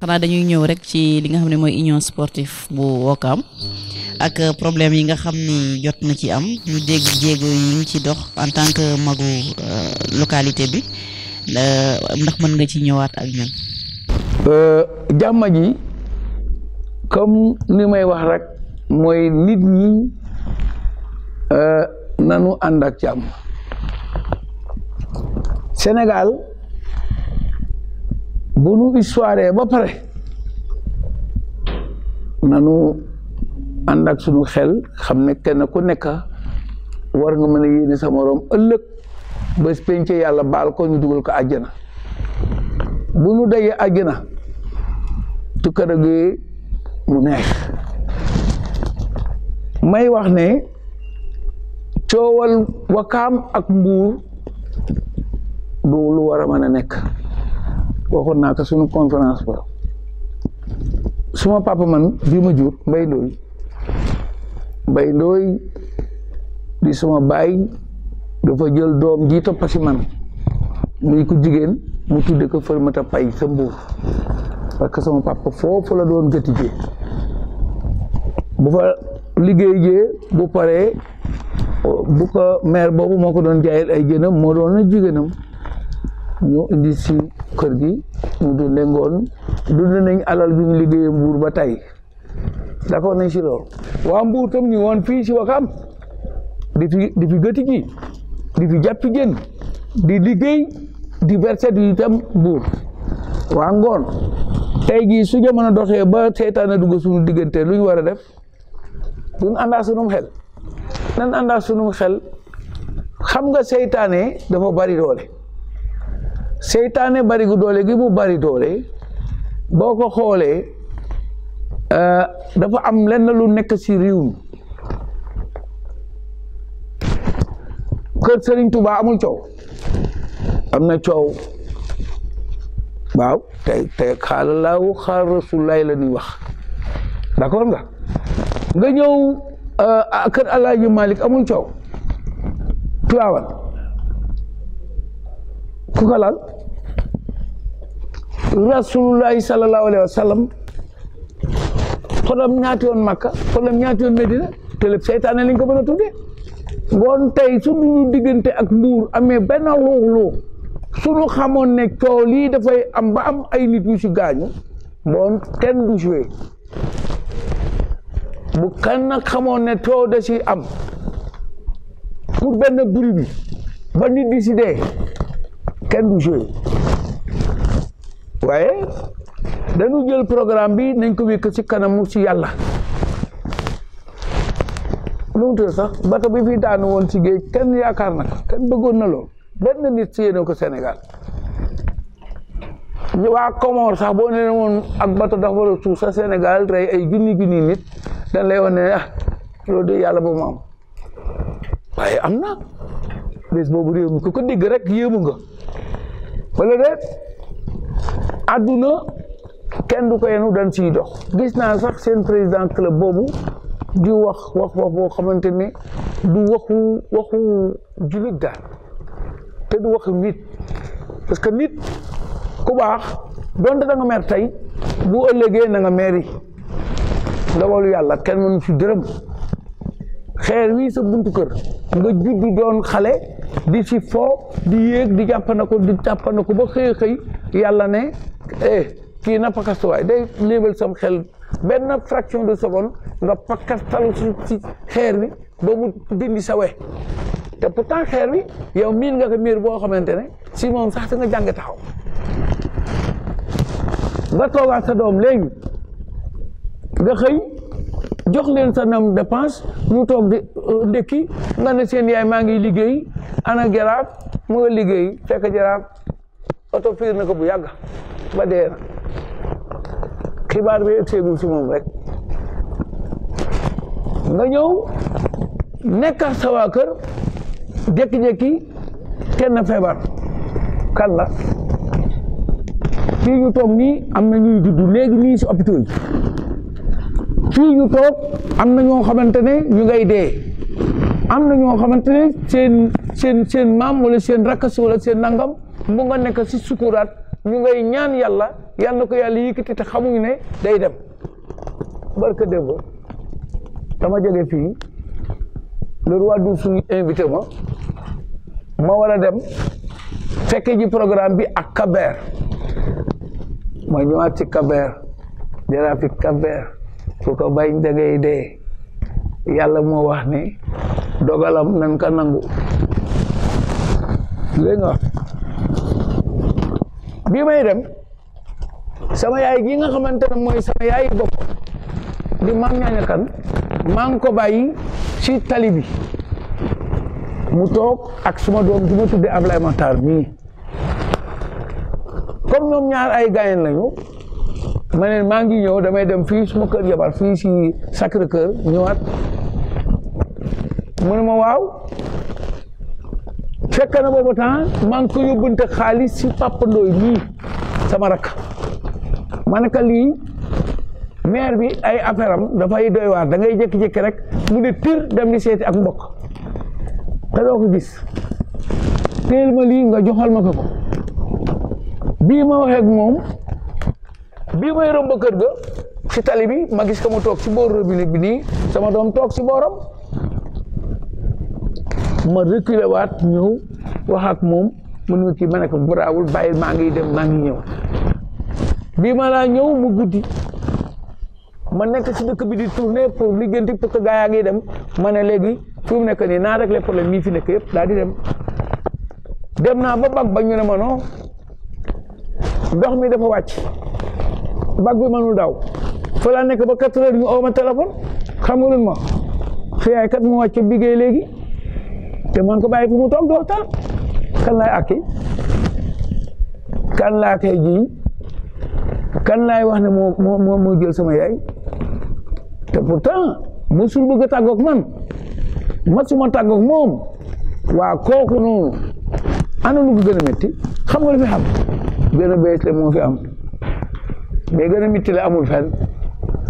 xanaa dañuy ñëw rek ci li nga xam ne mooy union sportive bu Wakaam ak problème yi nga xam ni jot na ci am ñu dégg jéego yi ngi ci dox en tant que magu euh, localité bi euh, ndax mën nga ci ñëwaat ak ñun. Euh, jàmma ji comme ni may wax rek mooy nit ñi nanu ànd ak jàmm. Sénégal bu nu histoire ba pare nanu ànd ak sunu xel xam ne kenn ku nekk war nga mën a yéene sa moroom ëllëg ba pénce yàlla baal ko ñu dugal ko àjjana bu nu dajee àjjana tukkara gi mu neex may wax ne coowal wakaam ak mbuur du lu war a mën a nekk waxoon naa ko suñu conférence ba suma papa man bi ma jur mbay ndooy mbay ndooy di suma baay dafa jël doom ji topp si man muy ko jigéen mu tudde ko Fërmata Pay sa mbuur parce que sama papa foofu la doon gëti bu fa liggéey jee bu paree bu ko maire boobu moo ko doon jaay ay jënam moo doon na jigéenam ñu indi ci kër gi ñu du lengoon dund nañ alal bi mu liggéey mbuur ba tey d'accord nañ ci lool waa mbuur tam ñu woon fii ci wakam di fi di fi gëti ji di fi jàpp jën di liggéey di verset yi tam mbuur waa ngoon tey jii su jamono doxee ba seytaane dugg suñu diggante lu ñu war a def duñ àndaa sunum xel nan àndaa sunum xel xam nga seytaane dafa bari doole seytaane bari gu doole gi mu bari doole boo ko xoolee euh, dafa am lenn lu nekk si réew mi kër Sëriñ Tuubaa amul coow am na coow waaw tey tey xaala laahu la ñuy wax d'accord nga nga ñëw euh, kër Alaaji Malik amul coow tuwaawan ku ko laal rasulullahi sallallahu alayhi wa sallam xolam ñaati yoon Makka xolam ñaati yoon Medina te seytaane lañ ko mën a tuddee ngoon tey suñu diggante ak mbuur amee benn luux luux suñu xamoon ne coow lii dafay am ba am ay nit yu si gaañu bon kenn du joué bu kenn nag xamoon ne coow da si am pour benn bruit bi ba nit di si dee kenn du joué waye dañu jël programme bi nañ ko wékk ci kanamu ci yalla lu ngi tudd sax bato bi fi daan won ci geej kenn yaakar nak ko kenn bëggoon na lo benn nit ci yéne ko Sénégal wa Comore sax bo nee won ak bata dafa wala a sa Sénégal ray ay eh, junni junni nit dañ lay wone ah lo do yalla moom am waye amna bes bobu rew mi ko ko dégg rek yéemu iya nga wala déet àdduna kenn du ko yenu dañ ciy dox gis naa sax seen président club boobu di wax wax wax boo xamante ne du waxu waxu jullit daal te du waxu nit parce que nit ku baax donte da nga mer tey bu ëllëgee na nga meri ndawalu yàlla kenn mënu ci dërëm xeer wi sa buntu kër nga judd doon xale di si foo di yéeg di jàpp na ko di jàpp na ko ba xëy xëy yàlla ne eh, kii na pakastuwaay day léebal sam xel benn fraction de seconde nga pakastalu si si xeer bi ba mu dindi sa we te pourtant xeer bi yow miin nga ko miir boo xamante ne si moom sax si nga jàng taxaw nga toogaat sa doom léegi nga xëy jox leen sa nam dépense ñu toog dëkki euh, nga ne seen yaay maa ngi liggéey ana jaraaf moo nga liggéey fekk jaraaf oto fiir na ko bu yàgg ba dee xibaar bi egseegul si moom rek nga ñëw nekk sa waa kër jékki-jékki kenn feebar kan la fii ñu toog nii am na ñuy judd léegi nii si hôpitaux fii toog am na ñoo xamante ne ñu ngay dee am na ñoo xamante ne seen seen seen maam walla seen rakkas wala seen nangam mu nga nekk si sukuraat ñu ngay ñaan yàlla yàlla ko yàlla yëkkati te xamuñu ne day dem barka démb dama jóge fii le roi suñu invité ma ma war a dem fekke ji programme bi ak Kaber ma ñëwaat ci Kaber jaraafi Kaber su ko bañ da ngay dee wah wax ni dogalam nan ko nangu lé nga bi may dem sama yaay gi nga xamantene moy sama yaay bop di maam ñaña kan maa ngi ko bayyi ci talibi mu tok ak suma doom ju ma tudde Matar mi comme ñom ñaar ay gaayen lañu ma maa ngi ñëw damay dem fii suma kër jabar fii si Sacré ñëwaat mu ne ma waaw fekk na boobu maa ngi ko yóbbante xaalis si Papa lii sama rakk ma ne ko lii maire bi ay affaire dafa dafay doy waar da ngay jékki-jékki rek mu ne tir dem di seeti ak mbok te doo ko gis teel ma lii nga joxal ma ko ko bii ma waxee moom. bii may romb kër ga ci tali bi ma gis ko mu toog ci booru robinet bi nii sama doom toog ci booram ma reculer waat ñëw wax ak moom mu ne kii ma ne ko braawul bàyyil maa ngi dem maa ngi ñëw bii ma laa ñëw mu guddi ma nekk ci dëkk bi di tourner pour liggéenti parce que gaa yaa ngi dem ma ne léegi fi mu nekk nii naa régler problème yi fi nekk yëpp daa di dem dem naa ba bag ba ma non ndox mi dafa wàcc bag bi mënul daw fa nekk ba quatre heures ñu oo ma téléphone xam nga ma su yaay kat mu wàcc liggéey léegi te man ko bàyyi fi mu toog doo tal kan laay akki kan laa koy jiñ kan laay wax ne moo moo moo jël sama yaay te pourtant mosul bëgg a tàggoog man masuma tàggoog moom waa kooku noonu ana lu gën a métti xam nga fi xam gën a bees le moo fi am mais gën a mitti la amul fenn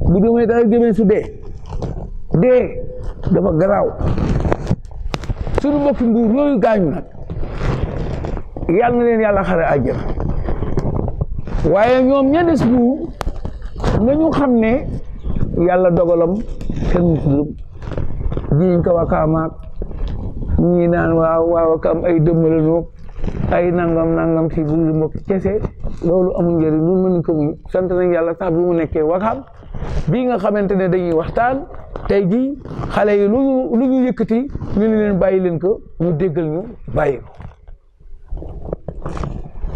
bu demee dara jëmee si dee dee dafa garaaw suñu mbokki nguur yooyu gaañu nag yàlla na leen yàlla xare àjjana waaye ñoom ña des bu nañu xam ne yàlla dogalam kenn musulum jiñ ko wakaamaak ñii naan waaw waaw kam ay dëmmala noog ay nangam nangam si bu mbokki kese loolu amul njëriñ ñun mënuñ ko muñ sant nañ yàlla sax bi mu nekkee Wakaam bii nga xamante ne dañuy waxtaan tey jii xale yi lu ñu lu yëkkati ñu ne leen bàyyi leen ko mu déggal ñu bàyyi ko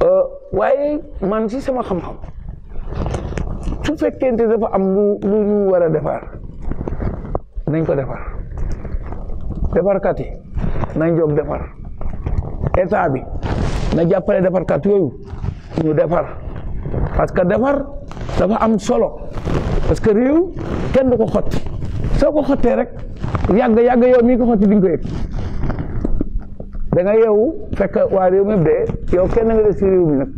euh, waaye man ci sama xam-xam su fekkente dafa am lu ñu war a defar nañ ko defar defarkat yi nañ jóg defar état bi na jàppale defarkat yooyu. mu defar parce que defar dafa am solo parce que réew kenn du ko xotti soo ko xottee rek yàgg yàgg yow mii ko xot di nga ko yëg da nga fekk waa réew réew mi nag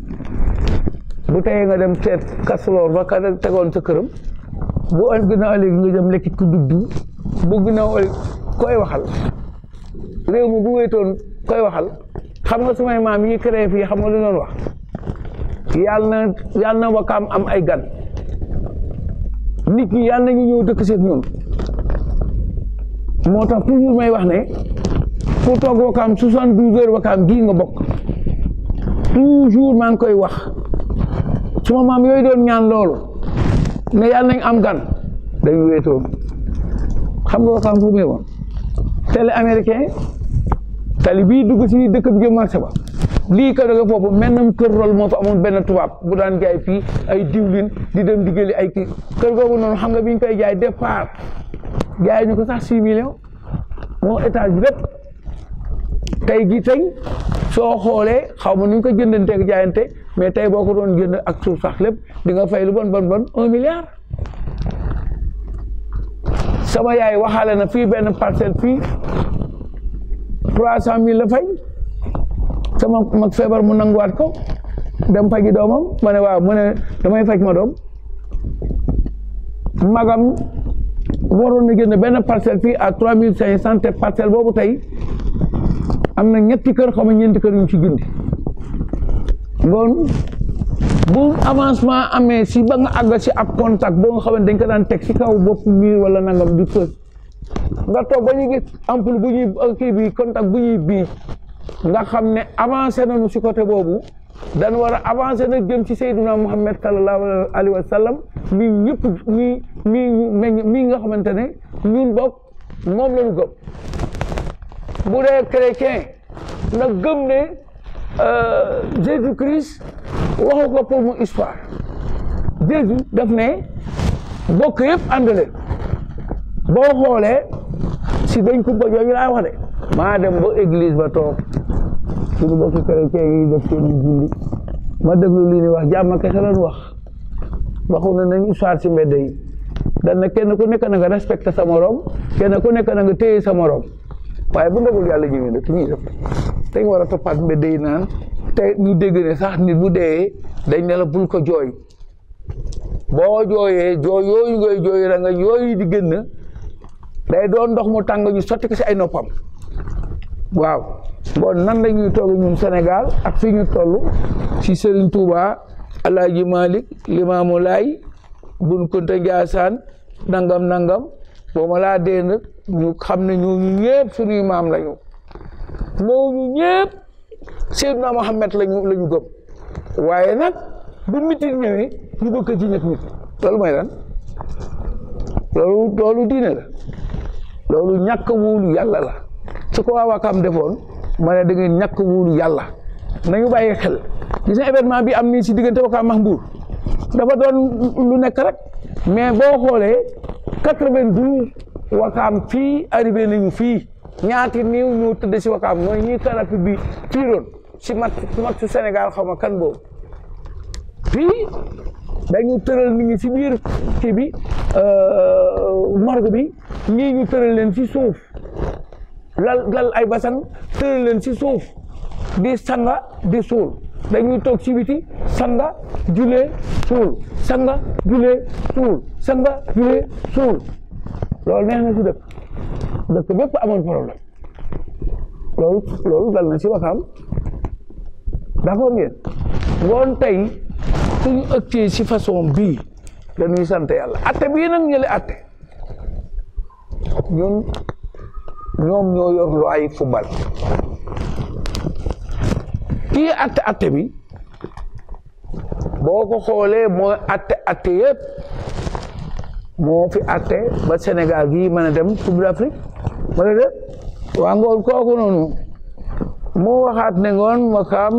bu teyee dem seet kastuloor ka tegoon sa këram bu ginnaaw léegi nga jëm lekki ku koy waxal réew mi bu wéytoon koy waxal xam nga sumay maam yi créé fii xam nga lu doon wax yàlla na yàlla na wakaam am ay gan nit ñi yàlla na ñu ñëw dëkk seeg ñun moo tax toujours may wax ne ku toog wakaam soixante douze heures wakaam gii nga bokk toujours maa ngi koy wax suma maam yooyu doon ñaan loolu ne yàlla nañ am gan dañu wéetoon xam nga wakaam fu muy woon télé américain tali bii dugg si dëkk bi jëm marché ba lii ka ga foofu mennam kër rol moo fa amoon benn tubaab bu daan jaay fii ay diwlin di dem di ay kii kër googu noonu xam nga biñ koy jaay départ jaay ñu ko sax six millions moom étage bi lépp tey jii soo xoolee xaw ma nu ñu ko jëndanteeg jaayante mais tey boo ko doon jënd ak suuf sax lépp di nga fay lu bon bon bon un milliard sama yaay waxaale na fii benn parcelle fii trois cent mill la fay sama mag feebar mu nanguwaat ko dem faji doomam ma ne waaw mu ne damay faj ma doom magam waroon na génne benn parcelle fii a trois mille cinq cent te boobu tey am na ñetti kër xam nga ñeenti kër yu ci gindi ngoon bu avancement amee si ba nga àgg si ab contact boo nga xam ne dañ ko daan teg si kaw bopp miir wala nangam di fës nga toog ba ñu gis ampoule bu ñuy kii bi contact bu ñuy bii nga xam ne avancé nañu si côté boobu dañ war a avancé nag jëm ci Seydina Muhammad sallallahu alayhi wa sallam mii ñëpp mii mii meññ mii nga xamante ne ñun moom la ñu gëm bu dee chrétien na gëm ne euh, Jésus Christ waxu ko pour mu histoire Jésus daf ne bokk yëpp ànd boo xoolee si dañ ko ba yooyu laa wax de maa dem ba église ba toog suñu bokki chrétien yi def seen julli ma déglu lii ni wax jàmm kese na nañu soir ci mbedd kenn ku nekk na nga respecté sa morom kenn ku nekk na nga téye sa morom waaye bu ndogalu yàlla ñëwee nag ñuy def dañ war a toppaat te ñu dégg ne sax nit bu dee dañ ne la bul ko jooy boo jooyee jooy yooyu ngay jooy ra nga yooyu di génn day doon ndox mu tàng ñu sotti ko si ay noppam waaw bon nan la ñuy toog ñun Sénégal ak fi ñu toll ci Serigne tuuba Alaaji Malik Limaamu Laay Bun Njaasaan nangam nangam boo ma laa dee nag ñu xam ne ñooñu ñëpp suñuy maam lañu ñooñu ñëpp Seydina Mohamed lañu la ñu gëm waaye nag bu mitit ñëwee ñu bëgg ci ñëpp loolu mooy lan loolu diine la loolu ñàkk wóolu yàlla la su ko waa kam defon mané da ngay ñak wóolu yalla nañu baye xel gis événement bi am ni ci digënté Wakaam ak Mbour dafa doon lu nekk rek mais bo xolé 92 vingt douze Wakaam arrivé nañu fi ñaati ñu ñoo ci si Wakaam mooy ñii karapi bi fii doon si mat mat ci Sénégal xawma kan bo fi dañu teural ni ñi si biir kii bi euh, marg bi ñi ñu teural len ci souf lal lal ay basan teul len ci souf di sanga di sul dañuy tok ci biti sanga julé sul sanga julé sul sanga julé sul lol neex na ci dekk dekk bepp amone problème lol lol dal na ci waxaam d'accord ngeen won tay suñu ëccee ci façon bi dañuy sante yalla atté bi nag ñëlé atté ñun ñoom ñoo yor lu ay football kii atte atte bi boo ko xoolee mooy atte atte yëpp moo fi atte ba Sénégal gi mën a dem Coupe d'Afrique wala de waa ngoon kooku noonu moo waxaat ne ngoon ma kaam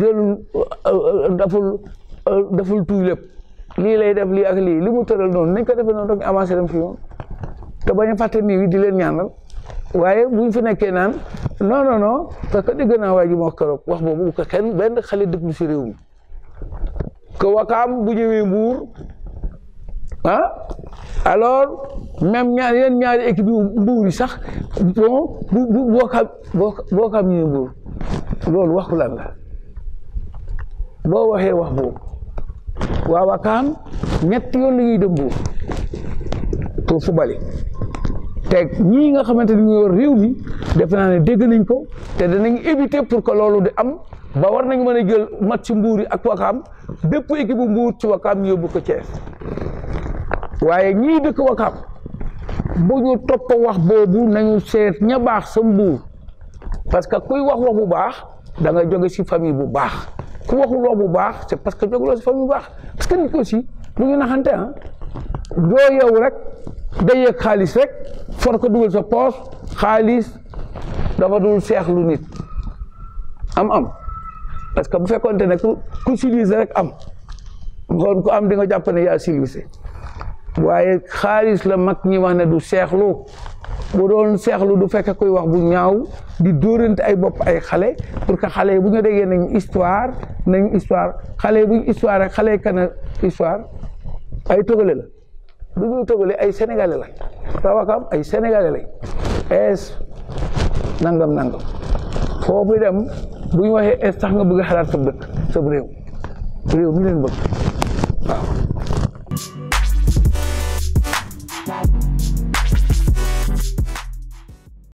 jëlul daful daful tuuy lépp lii lay def lii ak lii li mu tëral noonu nañ ko defee noonu rek avancé dem fi moom te bañ faté ni wi di len ñaanal waaye buñ fi nekké naan non non non parce ko dégg naa waji mo xorop wax keroog bu ko kenn ben xalé déglu ci réew mi que wakaam bu ñëwee mbuur ah alors même ñaar yeen ñaar équipe yu mbuur yi sax bon bu bu bo wakam ñëwee mbuur lool waxu lan la bo waxé wax boobu wa wakam ñet yoon la ñuy dem mbuur pour fubali tek ñi nga xamanteni ñoo rew mi def na né dégg nañ ko té danañ éviter pour que lolu di am ba war nañ mëna jël match yi ak wakam bépp équipe mbuur ci wakam yobbu ko ci waye ñi dëkk wakam bu ñu top wax bobu nañu sét ña baax sa mbuur parce que kuy wax wax bu baax da nga joggé ci famille bu baax ku waxu lo bu baax c'est parce que jogulo ci famille bu baax parce que nit ko ci bu ñu naxanté hein ah. do yow rek day khalis rek for ko dugal sa poos xaalis dafa dul seexlu nit am am parce que bu fekkoonte ne ku ku civilisé rek am ngoon ku am di nga jàpp ne yaa civilisé waaye xaalis la mag ñi wax ne du seexlu bu doon seexlu du fekk koy wax bu ñaaw di dóorante ay bopp ay xale pour que xale yi bu ñu déggee nañ histoire nañ histoire xale bu ñu histoire rek xale kana histoire ay togale la lu ñuy toggalee ay sénégalais lañ waa Wakaam ay sénégalais lañ ees nangam nangam foofu dem bu ñu waxee ees tax nga bëgg xalaat sa dëkk sa réew réew mi